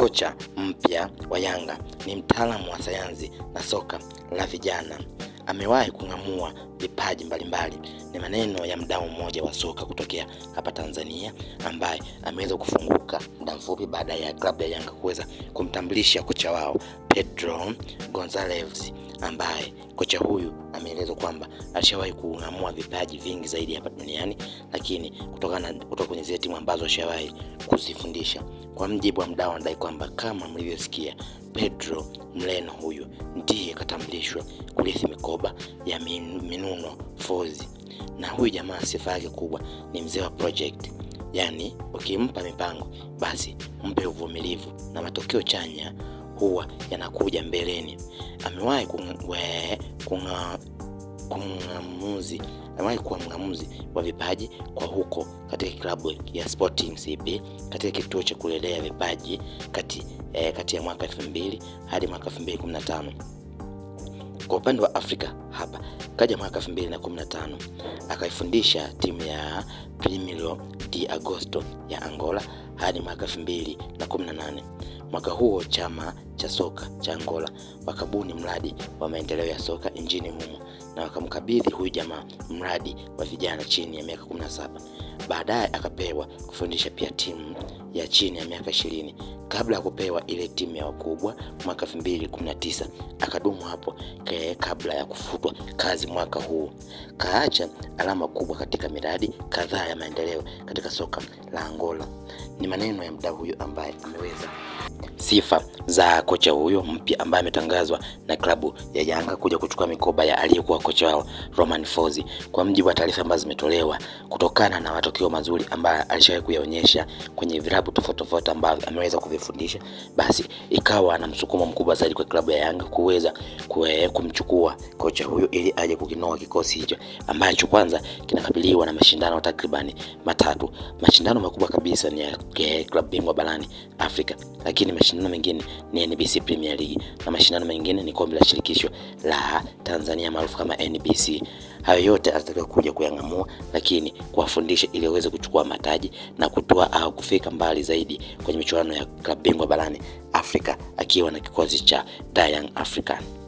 kocha mpya wa Yanga ni mtaalamu wa sayansi na soka la vijana, amewahi kung'amua vipaji mbalimbali. Ni maneno ya mdau mmoja wa soka kutokea hapa Tanzania ambaye ameweza kufunguka muda mfupi baada ya klabu ya Yanga kuweza kumtambulisha kocha wao Pedro Gonzalez ambaye kocha huyu ameelezwa kwamba alishawahi kung'amua vipaji vingi zaidi hapa duniani, lakini kutokana kutoka kwenye zile timu ambazo alishawahi kuzifundisha. Kwa mjibu wa mdau, anadai kwamba kama mlivyosikia, Pedro Mleno huyu ndiye katambulishwa kurithi mikoba ya Minuno Fozi, na huyu jamaa sifa yake kubwa ni mzee wa project Yaani, ukimpa mipango basi mpe uvumilivu na matokeo chanya huwa yanakuja mbeleni amewahi kuwa mng'amuzi wa vipaji kwa huko katika klabu ya Sporting CP katika kituo cha kulelea vipaji kati, eh, kati ya mwaka 2000 hadi mwaka 2015. Kwa upande wa Afrika hapa kaja mwaka 2015 akaifundisha timu ya Primero de Agosto ya Angola hadi mwaka 2018. Mwaka huo chama cha soka cha Angola wakabuni mradi wa maendeleo ya soka nchini humo na wakamkabidhi huyu jamaa mradi wa vijana chini ya miaka 17. Baadaye akapewa kufundisha pia timu ya chini ya miaka ishirini kabla ya kupewa ile timu ya wakubwa mwaka 2019 akadumu hapo kabla ya kufutwa kazi mwaka huu. Kaacha alama kubwa katika miradi kadhaa ya maendeleo katika soka la Angola. Ni maneno ya mdau huyo ambaye ameweza sifa za kocha huyo mpya ambaye ametangazwa na klabu ya Yanga kuja kuchukua mikoba ya aliyekuwa kocha wao Romain Folz, kwa mjibu wa taarifa ambazo zimetolewa kutokana na matokeo mazuri ambayo alishawahi kuyaonyesha kwenye vilabu tofauti tofauti ambavyo ameweza kuvi aliyefundisha, basi ikawa na msukumo mkubwa zaidi kwa klabu ya Yanga kuweza kumchukua kocha huyo ili aje kukinoa kikosi hicho ambacho kwanza kinakabiliwa na mashindano takribani matatu. Mashindano makubwa kabisa ni ya eh, klabu bingwa barani Afrika lakini mashindano mengine ni NBC Premier League na mashindano mengine ni kombe la shirikisho la Tanzania maarufu kama NBC. Hayo yote atatakiwa kuja kuyang'amua, lakini kuwafundisha ili waweze kuchukua mataji na kutoa au ah, kufika mbali zaidi kwenye michuano ya klabu bingwa barani Afrika akiwa na kikosi cha Young African.